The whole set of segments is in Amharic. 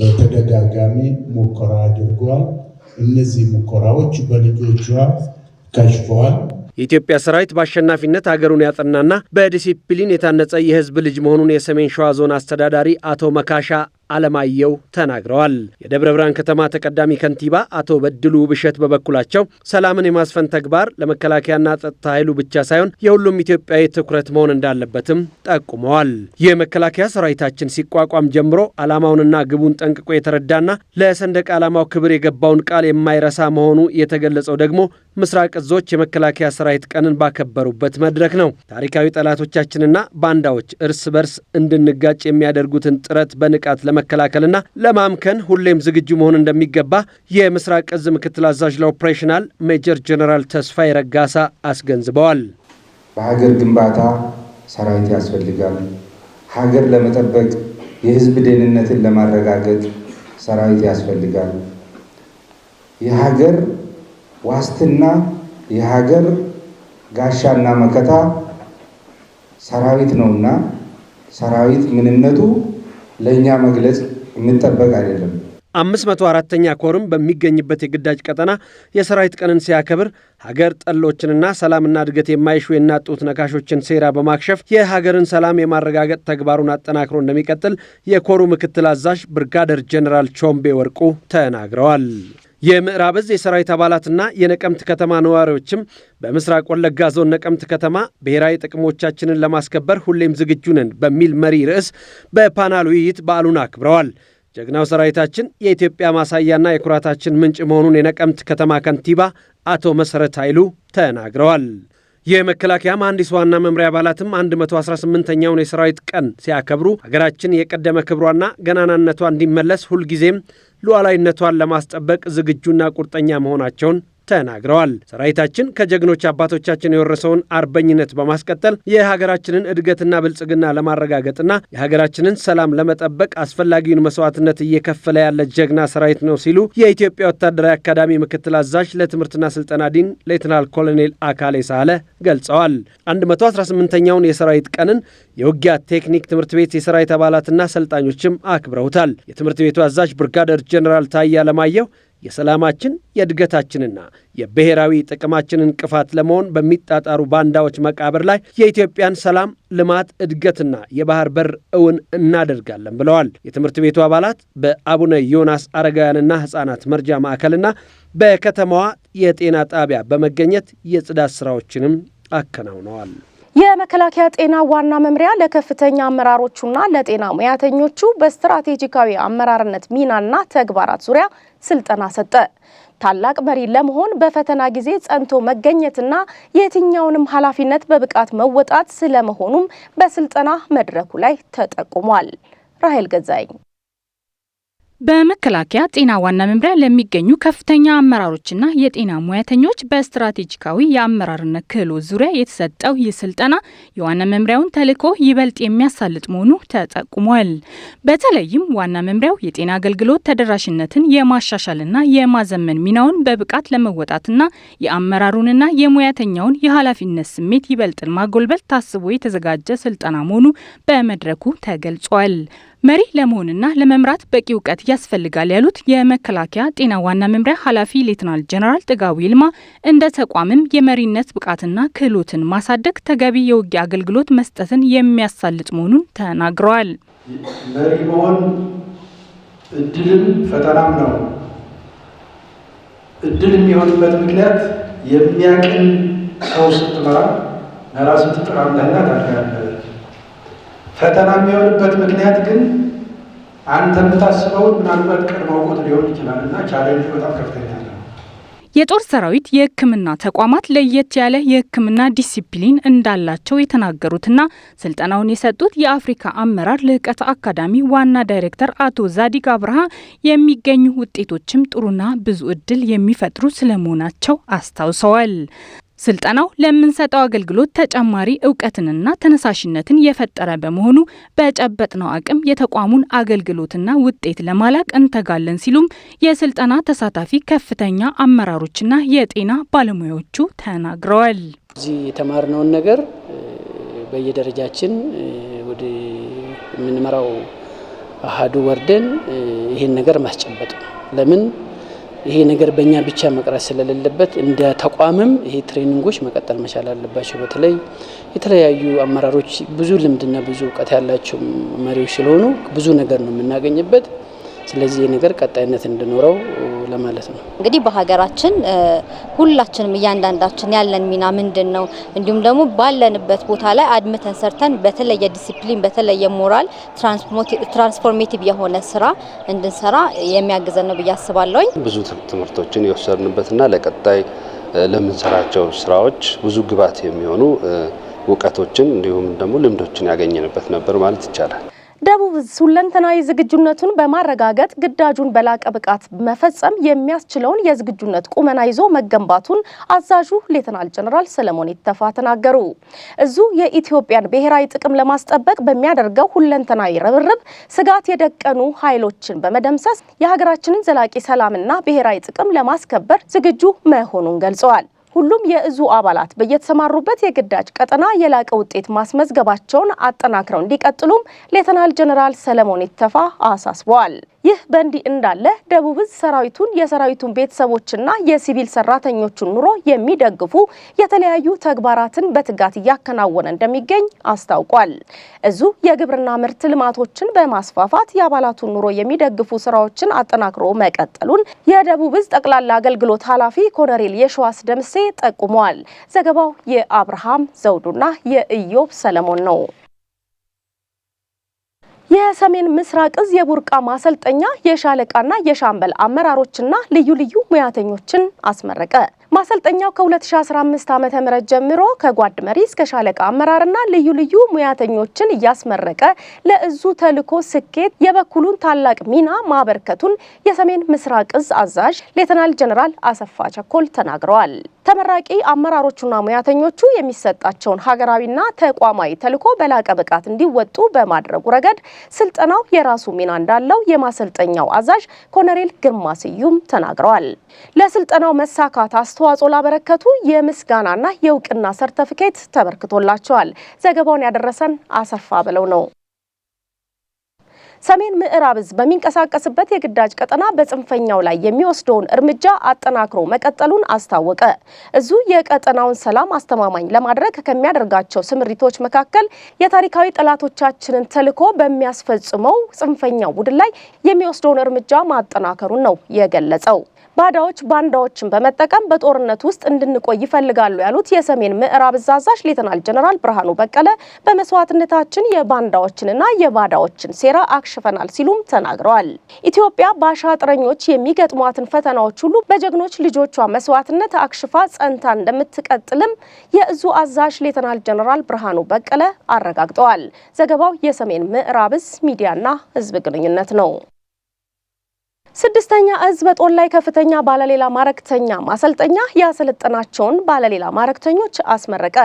በተደጋጋሚ ሙከራ አድርጓል። እነዚህ ሙከራዎች በልጆቿ ከሽፈዋል። የኢትዮጵያ ሰራዊት በአሸናፊነት ሀገሩን ያጠናና በዲሲፕሊን የታነጸ የህዝብ ልጅ መሆኑን የሰሜን ሸዋ ዞን አስተዳዳሪ አቶ መካሻ አለማየው ተናግረዋል። የደብረ ብርሃን ከተማ ተቀዳሚ ከንቲባ አቶ በድሉ ብሸት በበኩላቸው ሰላምን የማስፈን ተግባር ለመከላከያና ጸጥታ ኃይሉ ብቻ ሳይሆን የሁሉም ኢትዮጵያዊ ትኩረት መሆን እንዳለበትም ጠቁመዋል። የመከላከያ ሰራዊታችን ሲቋቋም ጀምሮ ዓላማውንና ግቡን ጠንቅቆ የተረዳና ለሰንደቅ ዓላማው ክብር የገባውን ቃል የማይረሳ መሆኑ የተገለጸው ደግሞ ምስራቅ እዞች የመከላከያ ሰራዊት ቀንን ባከበሩበት መድረክ ነው። ታሪካዊ ጠላቶቻችንና ባንዳዎች እርስ በርስ እንድንጋጭ የሚያደርጉትን ጥረት በንቃት ለመ ለመከላከልና ለማምከን ሁሌም ዝግጁ መሆን እንደሚገባ የምስራቅ እዝ ምክትል አዛዥ ለኦፕሬሽናል ሜጀር ጀነራል ተስፋዬ ረጋሳ አስገንዝበዋል። በሀገር ግንባታ ሰራዊት ያስፈልጋል። ሀገር ለመጠበቅ የህዝብ ደህንነትን ለማረጋገጥ ሰራዊት ያስፈልጋል። የሀገር ዋስትና የሀገር ጋሻና መከታ ሰራዊት ነውና ሰራዊት ምንነቱ ለእኛ መግለጽ የሚጠበቅ አይደለም። አምስት መቶ አራተኛ ኮርም በሚገኝበት የግዳጅ ቀጠና የሰራዊት ቀንን ሲያከብር ሀገር ጠሎችንና ሰላምና እድገት የማይሹ የናጡት ነካሾችን ሴራ በማክሸፍ የሀገርን ሰላም የማረጋገጥ ተግባሩን አጠናክሮ እንደሚቀጥል የኮሩ ምክትል አዛዥ ብርጋደር ጀኔራል ቾምቤ ወርቁ ተናግረዋል። የምዕራብ እዝ የሰራዊት አባላትና የነቀምት ከተማ ነዋሪዎችም በምስራቅ ወለጋ ዞን ነቀምት ከተማ ብሔራዊ ጥቅሞቻችንን ለማስከበር ሁሌም ዝግጁ ነን በሚል መሪ ርዕስ በፓናል ውይይት በዓሉን አክብረዋል። ጀግናው ሰራዊታችን የኢትዮጵያ ማሳያና የኩራታችን ምንጭ መሆኑን የነቀምት ከተማ ከንቲባ አቶ መሰረት ኃይሉ ተናግረዋል። የመከላከያ መሐንዲስ ዋና መምሪያ አባላትም 118ኛውን የሰራዊት ቀን ሲያከብሩ ሀገራችን የቀደመ ክብሯና ገናናነቷ እንዲመለስ ሁልጊዜም ሉዓላዊነቷን ለማስጠበቅ ዝግጁና ቁርጠኛ መሆናቸውን ተናግረዋል። ሰራዊታችን ከጀግኖች አባቶቻችን የወረሰውን አርበኝነት በማስቀጠል የሀገራችንን እድገትና ብልጽግና ለማረጋገጥና የሀገራችንን ሰላም ለመጠበቅ አስፈላጊውን መስዋዕትነት እየከፈለ ያለ ጀግና ሰራዊት ነው ሲሉ የኢትዮጵያ ወታደራዊ አካዳሚ ምክትል አዛዥ ለትምህርትና ስልጠና ዲን ሌትናል ኮሎኔል አካሌ ሳለ ገልጸዋል። 118ኛውን የሰራዊት ቀንን የውጊያ ቴክኒክ ትምህርት ቤት የሰራዊት አባላትና ሰልጣኞችም አክብረውታል። የትምህርት ቤቱ አዛዥ ብርጋደር ጀኔራል ታያ ለማየው የሰላማችን የእድገታችንና የብሔራዊ ጥቅማችን እንቅፋት ለመሆን በሚጣጣሩ ባንዳዎች መቃብር ላይ የኢትዮጵያን ሰላም፣ ልማት፣ እድገትና የባህር በር እውን እናደርጋለን ብለዋል። የትምህርት ቤቱ አባላት በአቡነ ዮናስ አረጋውያንና ሕፃናት መርጃ ማዕከልና በከተማዋ የጤና ጣቢያ በመገኘት የጽዳት ሥራዎችንም አከናውነዋል። የመከላከያ ጤና ዋና መምሪያ ለከፍተኛ አመራሮቹና ለጤና ሙያተኞቹ በስትራቴጂካዊ አመራርነት ሚናና ተግባራት ዙሪያ ስልጠና ሰጠ። ታላቅ መሪ ለመሆን በፈተና ጊዜ ጸንቶ መገኘትና የትኛውንም ኃላፊነት በብቃት መወጣት ስለመሆኑም በስልጠና መድረኩ ላይ ተጠቁሟል። ራሄል ገዛኝ በመከላከያ ጤና ዋና መምሪያ ለሚገኙ ከፍተኛ አመራሮችና የጤና ሙያተኞች በስትራቴጂካዊ የአመራርነት ክህሎት ዙሪያ የተሰጠው ይህ ስልጠና የዋና መምሪያውን ተልዕኮ ይበልጥ የሚያሳልጥ መሆኑ ተጠቁሟል። በተለይም ዋና መምሪያው የጤና አገልግሎት ተደራሽነትን የማሻሻልና የማዘመን ሚናውን በብቃት ለመወጣትና የአመራሩንና የሙያተኛውን የኃላፊነት ስሜት ይበልጥ ማጎልበል ታስቦ የተዘጋጀ ስልጠና መሆኑ በመድረኩ ተገልጿል። መሪ ለመሆንና ለመምራት በቂ እውቀት ያስፈልጋል ያሉት የመከላከያ ጤና ዋና መምሪያ ኃላፊ ሌትናል ጀነራል ጥጋዊ ይልማ እንደ ተቋምም የመሪነት ብቃትና ክህሎትን ማሳደግ ተገቢ የውጊያ አገልግሎት መስጠትን የሚያሳልጥ መሆኑን ተናግረዋል። መሪ መሆን እድልም ፈተናም ነው። እድል የሚሆንበት ምክንያት የሚያቅን ሰው ስትመራ ለራሱ ትጥራለህና ታድጋለህ ፈተና የሚሆንበት ምክንያት ግን አንተ የምታስበውን ምናልባት ቀድሞ አውቆት ሊሆን ይችላል እና ቻሌንጅ በጣም ከፍተኛ የጦር ሰራዊት የሕክምና ተቋማት ለየት ያለ የሕክምና ዲሲፕሊን እንዳላቸው የተናገሩትና ስልጠናውን የሰጡት የአፍሪካ አመራር ልህቀት አካዳሚ ዋና ዳይሬክተር አቶ ዛዲግ አብርሃ የሚገኙ ውጤቶችም ጥሩና ብዙ እድል የሚፈጥሩ ስለመሆናቸው አስታውሰዋል። ስልጠናው ለምንሰጠው አገልግሎት ተጨማሪ እውቀትንና ተነሳሽነትን የፈጠረ በመሆኑ በጨበጥነው አቅም የተቋሙን አገልግሎትና ውጤት ለማላቅ እንተጋለን ሲሉም የስልጠና ተሳታፊ ከፍተኛ አመራሮችና የጤና ባለሙያዎቹ ተናግረዋል። እዚህ የተማርነውን ነገር በየደረጃችን ወደ የምንመራው አሃዱ ወርደን ይህን ነገር ማስጨበጥ ነው። ለምን ይሄ ነገር በእኛ ብቻ መቅረት ስለሌለበት እንደ ተቋምም ይሄ ትሬኒንጎች መቀጠል መቻል አለባቸው። በተለይ የተለያዩ አመራሮች ብዙ ልምድና ብዙ እውቀት ያላቸው መሪዎች ስለሆኑ ብዙ ነገር ነው የምናገኝበት። ስለዚህ ይህ ነገር ቀጣይነት እንዲኖረው ለማለት ነው። እንግዲህ በሀገራችን ሁላችንም እያንዳንዳችን ያለን ሚና ምንድን ነው፣ እንዲሁም ደግሞ ባለንበት ቦታ ላይ አድምተን ሰርተን በተለየ ዲሲፕሊን፣ በተለየ ሞራል ትራንስፎርሜቲቭ የሆነ ስራ እንድንሰራ የሚያግዘን ነው ብዬ አስባለሁኝ። ብዙ ትምህርቶችን የወሰድንበትና ለቀጣይ ለምንሰራቸው ስራዎች ብዙ ግብዓት የሚሆኑ እውቀቶችን እንዲሁም ደግሞ ልምዶችን ያገኘንበት ነበር ማለት ይቻላል። ደቡብ ሁለንተናዊ ዝግጁነቱን በማረጋገጥ ግዳጁን በላቀ ብቃት መፈጸም የሚያስችለውን የዝግጁነት ቁመና ይዞ መገንባቱን አዛዡ ሌተናል ጀነራል ሰለሞን ይተፋ ተናገሩ። እዙ የኢትዮጵያን ብሔራዊ ጥቅም ለማስጠበቅ በሚያደርገው ሁለንተናዊ ርብርብ ስጋት የደቀኑ ኃይሎችን በመደምሰስ የሀገራችንን ዘላቂ ሰላምና ብሔራዊ ጥቅም ለማስከበር ዝግጁ መሆኑን ገልጸዋል። ሁሉም የእዙ አባላት በየተሰማሩበት የግዳጅ ቀጠና የላቀ ውጤት ማስመዝገባቸውን አጠናክረው እንዲቀጥሉም ሌተናል ጀነራል ሰለሞን ኢተፋ አሳስበዋል። ይህ በእንዲህ እንዳለ ደቡብ ዕዝ ሰራዊቱን የሰራዊቱን ቤተሰቦችና የሲቪል ሰራተኞችን ኑሮ የሚደግፉ የተለያዩ ተግባራትን በትጋት እያከናወነ እንደሚገኝ አስታውቋል። እዙ የግብርና ምርት ልማቶችን በማስፋፋት የአባላቱን ኑሮ የሚደግፉ ስራዎችን አጠናክሮ መቀጠሉን የደቡብ ዕዝ ጠቅላላ አገልግሎት ኃላፊ ኮሎኔል የሸዋስ ደምሴ ጠቁመዋል። ዘገባው የአብርሃም ዘውዱና የኢዮብ ሰለሞን ነው። የሰሜን ምስራቅ እዝ የቡርቃ ማሰልጠኛ የሻለቃና የሻምበል አመራሮችና ልዩ ልዩ ሙያተኞችን አስመረቀ። ማሰልጠኛው ከ2015 ዓ.ም ጀምሮ ከጓድ መሪ እስከ ሻለቃ አመራርና ልዩ ልዩ ሙያተኞችን እያስመረቀ ለእዙ ተልዕኮ ስኬት የበኩሉን ታላቅ ሚና ማበርከቱን የሰሜን ምስራቅ እዝ አዛዥ ሌተናል ጀነራል አሰፋ ቸኮል ተናግረዋል። ተመራቂ አመራሮቹና ሙያተኞቹ የሚሰጣቸውን ሀገራዊና ተቋማዊ ተልዕኮ በላቀ ብቃት እንዲወጡ በማድረጉ ረገድ ስልጠናው የራሱ ሚና እንዳለው የማሰልጠኛው አዛዥ ኮሎኔል ግርማ ስዩም ተናግረዋል። ለስልጠናው መሳካት አስተዋ አስተዋጽኦ ላበረከቱ የምስጋናና የእውቅና ሰርተፊኬት ተበርክቶላቸዋል። ዘገባውን ያደረሰን አሰፋ ብለው ነው። ሰሜን ምዕራብ እዝ በሚንቀሳቀስበት የግዳጅ ቀጠና በጽንፈኛው ላይ የሚወስደውን እርምጃ አጠናክሮ መቀጠሉን አስታወቀ። እዙ የቀጠናውን ሰላም አስተማማኝ ለማድረግ ከሚያደርጋቸው ስምሪቶች መካከል የታሪካዊ ጠላቶቻችንን ተልዕኮ በሚያስፈጽመው ጽንፈኛው ቡድን ላይ የሚወስደውን እርምጃ ማጠናከሩን ነው የገለጸው። ባዳዎች ባንዳዎችን በመጠቀም በጦርነት ውስጥ እንድንቆይ ይፈልጋሉ ያሉት የሰሜን ምዕራብ እዝ አዛዥ ሌተናል ጀነራል ብርሃኑ በቀለ በመስዋዕትነታችን የባንዳዎችንና የባዳዎችን ሴራ አክሽፈናል ሲሉም ተናግረዋል። ኢትዮጵያ በአሻጥረኞች የሚገጥሟትን ፈተናዎች ሁሉ በጀግኖች ልጆቿ መስዋዕትነት አክሽፋ ጸንታ እንደምትቀጥልም የእዙ አዛዥ ሌተናል ጀነራል ብርሃኑ በቀለ አረጋግጠዋል። ዘገባው የሰሜን ምዕራብ እዝ ሚዲያና ህዝብ ግንኙነት ነው። ስድስተኛ እዝ በጦር ላይ ከፍተኛ ባለሌላ ማረክተኛ ማሰልጠኛ ያሰለጠናቸውን ባለሌላ ማረክተኞች አስመረቀ።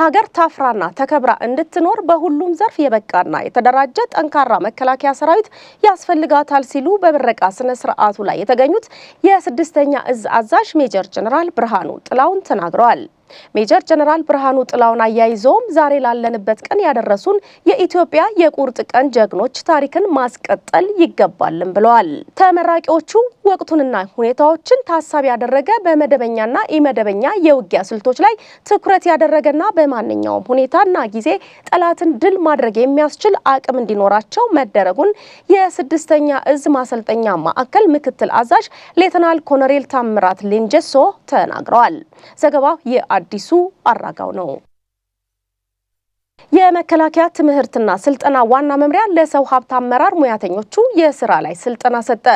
ሀገር ታፍራና ተከብራ እንድትኖር በሁሉም ዘርፍ የበቃና የተደራጀ ጠንካራ መከላከያ ሰራዊት ያስፈልጋታል ሲሉ በምረቃ ስነ ስርዓቱ ላይ የተገኙት የስድስተኛ እዝ አዛዥ ሜጀር ጀነራል ብርሃኑ ጥላውን ተናግረዋል። ሜጀር ጀነራል ብርሃኑ ጥላውን አያይዘውም ዛሬ ላለንበት ቀን ያደረሱን የኢትዮጵያ የቁርጥ ቀን ጀግኖች ታሪክን ማስቀጠል ይገባልን ብለዋል። ተመራቂዎቹ ወቅቱንና ሁኔታዎችን ታሳቢ ያደረገ በመደበኛና ኢመደበኛ የውጊያ ስልቶች ላይ ትኩረት ያደረገና በማንኛውም ሁኔታና ጊዜ ጠላትን ድል ማድረግ የሚያስችል አቅም እንዲኖራቸው መደረጉን የስድስተኛ እዝ ማሰልጠኛ ማዕከል ምክትል አዛዥ ሌተናል ኮሎኔል ታምራት ሌንጀሶ ተናግረዋል። ዘገባው አዲሱ አራጋው ነው። የመከላከያ ትምህርትና ስልጠና ዋና መምሪያ ለሰው ሀብት አመራር ሙያተኞቹ የስራ ላይ ስልጠና ሰጠ።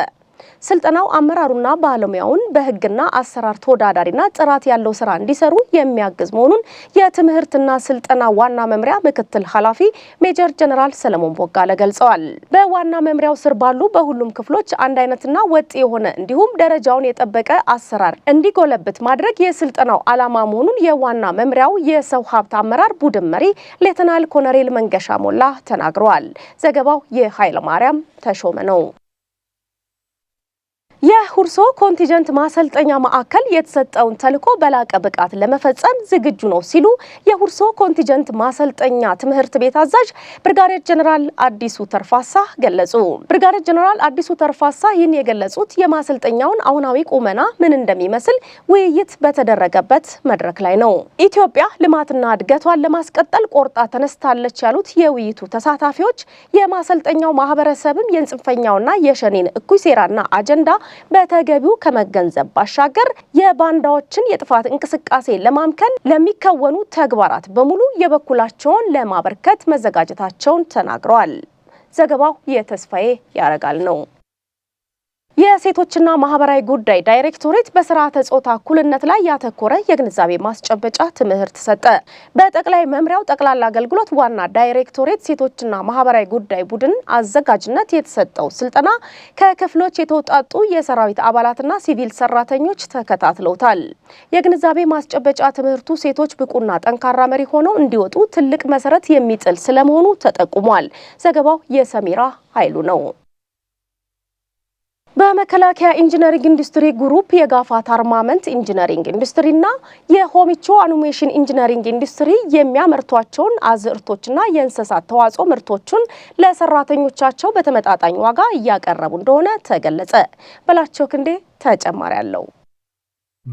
ስልጠናው አመራሩና ባለሙያውን በህግና አሰራር ተወዳዳሪና ጥራት ያለው ስራ እንዲሰሩ የሚያግዝ መሆኑን የትምህርትና ስልጠና ዋና መምሪያ ምክትል ኃላፊ ሜጀር ጀነራል ሰለሞን ቦጋለ ገልጸዋል። በዋና መምሪያው ስር ባሉ በሁሉም ክፍሎች አንድ አይነትና ወጥ የሆነ እንዲሁም ደረጃውን የጠበቀ አሰራር እንዲጎለብት ማድረግ የስልጠናው ዓላማ መሆኑን የዋና መምሪያው የሰው ሀብት አመራር ቡድን መሪ ሌተናል ኮነሬል መንገሻ ሞላ ተናግረዋል። ዘገባው የኃይለማርያም ተሾመ ነው። የሁርሶ ኮንቲጀንት ማሰልጠኛ ማዕከል የተሰጠውን ተልዕኮ በላቀ ብቃት ለመፈጸም ዝግጁ ነው ሲሉ የሁርሶ ኮንቲጀንት ማሰልጠኛ ትምህርት ቤት አዛዥ ብርጋዴር ጀነራል አዲሱ ተርፋሳ ገለጹ። ብርጋዴር ጀነራል አዲሱ ተርፋሳ ይህን የገለጹት የማሰልጠኛውን አሁናዊ ቁመና ምን እንደሚመስል ውይይት በተደረገበት መድረክ ላይ ነው። ኢትዮጵያ ልማትና እድገቷን ለማስቀጠል ቆርጣ ተነስታለች ያሉት የውይይቱ ተሳታፊዎች የማሰልጠኛው ማህበረሰብም የጽንፈኛውና የሸኔን እኩይ ሴራና አጀንዳ በተገቢው ከመገንዘብ ባሻገር የባንዳዎችን የጥፋት እንቅስቃሴ ለማምከን ለሚከወኑ ተግባራት በሙሉ የበኩላቸውን ለማበርከት መዘጋጀታቸውን ተናግረዋል። ዘገባው የተስፋዬ ያረጋል ነው። የሴቶችና ማህበራዊ ጉዳይ ዳይሬክቶሬት በስርዓተ ጾታ እኩልነት ላይ ያተኮረ የግንዛቤ ማስጨበጫ ትምህርት ሰጠ። በጠቅላይ መምሪያው ጠቅላላ አገልግሎት ዋና ዳይሬክቶሬት ሴቶችና ማህበራዊ ጉዳይ ቡድን አዘጋጅነት የተሰጠው ስልጠና ከክፍሎች የተውጣጡ የሰራዊት አባላትና ሲቪል ሰራተኞች ተከታትለውታል። የግንዛቤ ማስጨበጫ ትምህርቱ ሴቶች ብቁና ጠንካራ መሪ ሆነው እንዲወጡ ትልቅ መሰረት የሚጥል ስለመሆኑ ተጠቁሟል። ዘገባው የሰሜራ ኃይሉ ነው። በመከላከያ ኢንጂነሪንግ ኢንዱስትሪ ግሩፕ የጋፋት አርማመንት ኢንጂነሪንግ ኢንዱስትሪና የሆሚቾ አኒሜሽን ኢንጂነሪንግ ኢንዱስትሪ የሚያመርቷቸውን አዝርቶችና የእንስሳት ተዋጽኦ ምርቶችን ለሰራተኞቻቸው በተመጣጣኝ ዋጋ እያቀረቡ እንደሆነ ተገለጸ። በላቸው ክንዴ ተጨማሪ አለው።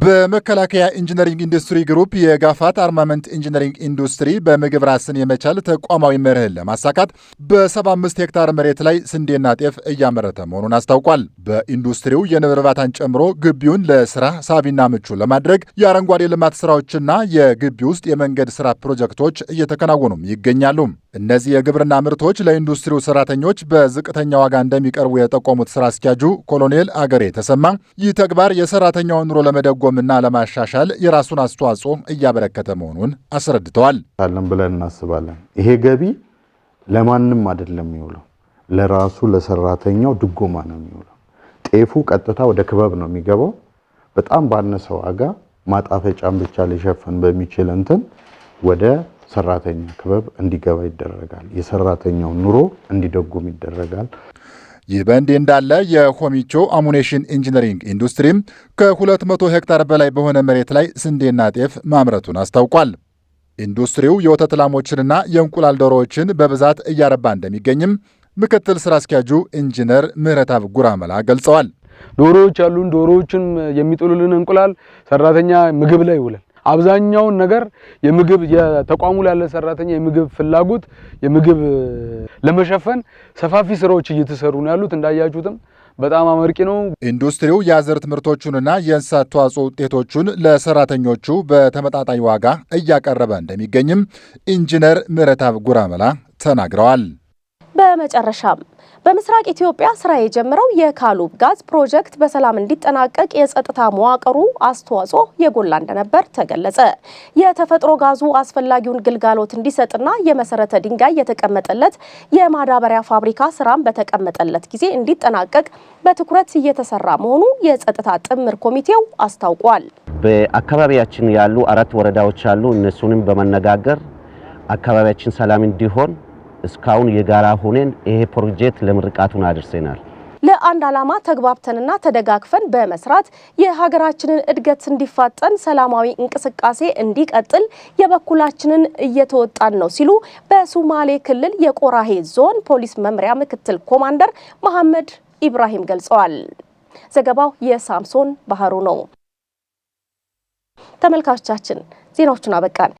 በመከላከያ ኢንጂነሪንግ ኢንዱስትሪ ግሩፕ የጋፋት አርማመንት ኢንጂነሪንግ ኢንዱስትሪ በምግብ ራስን የመቻል ተቋማዊ መርህን ለማሳካት በ75 ሄክታር መሬት ላይ ስንዴና ጤፍ እያመረተ መሆኑን አስታውቋል። በኢንዱስትሪው የንብ እርባታን ጨምሮ ግቢውን ለስራ ሳቢና ምቹ ለማድረግ የአረንጓዴ ልማት ስራዎችና የግቢ ውስጥ የመንገድ ስራ ፕሮጀክቶች እየተከናወኑም ይገኛሉ። እነዚህ የግብርና ምርቶች ለኢንዱስትሪው ሰራተኞች በዝቅተኛ ዋጋ እንደሚቀርቡ የጠቆሙት ስራ አስኪያጁ ኮሎኔል አገሬ ተሰማ ይህ ተግባር የሰራተኛውን ኑሮ ለመደጎምና ለማሻሻል የራሱን አስተዋጽኦ እያበረከተ መሆኑን አስረድተዋል። አለን ብለን እናስባለን። ይሄ ገቢ ለማንም አይደለም የሚውለው፣ ለራሱ ለሰራተኛው ድጎማ ነው የሚውለው። ጤፉ ቀጥታ ወደ ክበብ ነው የሚገባው። በጣም ባነሰ ዋጋ ማጣፈጫም ብቻ ሊሸፍን በሚችል እንትን ወደ ሰራተኛ ክበብ እንዲገባ ይደረጋል። የሰራተኛው ኑሮ እንዲደጉም ይደረጋል። ይህ በእንዲህ እንዳለ የሆሚቾ አሙኔሽን ኢንጂነሪንግ ኢንዱስትሪም ከ200 ሄክታር በላይ በሆነ መሬት ላይ ስንዴና ጤፍ ማምረቱን አስታውቋል። ኢንዱስትሪው የወተት ላሞችንና የእንቁላል ዶሮዎችን በብዛት እያረባ እንደሚገኝም ምክትል ስራ አስኪያጁ ኢንጂነር ምህረታብ ጉራመላ ገልጸዋል። ዶሮዎች ያሉን ዶሮዎችን የሚጥሉልን እንቁላል ሰራተኛ ምግብ ላይ ይውላል። አብዛኛውን ነገር የምግብ የተቋሙ ላይ ያለ ሰራተኛ የምግብ ፍላጎት የምግብ ለመሸፈን ሰፋፊ ስራዎች እየተሰሩ ነው ያሉት። እንዳያችሁትም በጣም አመርቂ ነው። ኢንዱስትሪው የአዝርት ምርቶቹንና የእንስሳት ተዋጽኦ ውጤቶቹን ለሰራተኞቹ በተመጣጣኝ ዋጋ እያቀረበ እንደሚገኝም ኢንጂነር ምረታብ ጉራመላ ተናግረዋል። በመጨረሻም በምስራቅ ኢትዮጵያ ስራ የጀመረው የካሉብ ጋዝ ፕሮጀክት በሰላም እንዲጠናቀቅ የጸጥታ መዋቅሩ አስተዋጽኦ የጎላ እንደነበር ተገለጸ። የተፈጥሮ ጋዙ አስፈላጊውን ግልጋሎት እንዲሰጥና የመሰረተ ድንጋይ የተቀመጠለት የማዳበሪያ ፋብሪካ ስራም በተቀመጠለት ጊዜ እንዲጠናቀቅ በትኩረት እየተሰራ መሆኑ የጸጥታ ጥምር ኮሚቴው አስታውቋል። በአካባቢያችን ያሉ አራት ወረዳዎች አሉ። እነሱንም በመነጋገር አካባቢያችን ሰላም እንዲሆን እስካሁን የጋራ ሆነን ይሄ ፕሮጀክት ለምርቃቱን አድርሰናል። ለአንድ ዓላማ ተግባብተንና ተደጋግፈን በመስራት የሀገራችንን እድገት እንዲፋጠን ሰላማዊ እንቅስቃሴ እንዲቀጥል የበኩላችንን እየተወጣን ነው ሲሉ በሱማሌ ክልል የቆራሄ ዞን ፖሊስ መምሪያ ምክትል ኮማንደር መሐመድ ኢብራሂም ገልጸዋል። ዘገባው የሳምሶን ባህሩ ነው። ተመልካቾቻችን ዜናዎቹን አበቃን።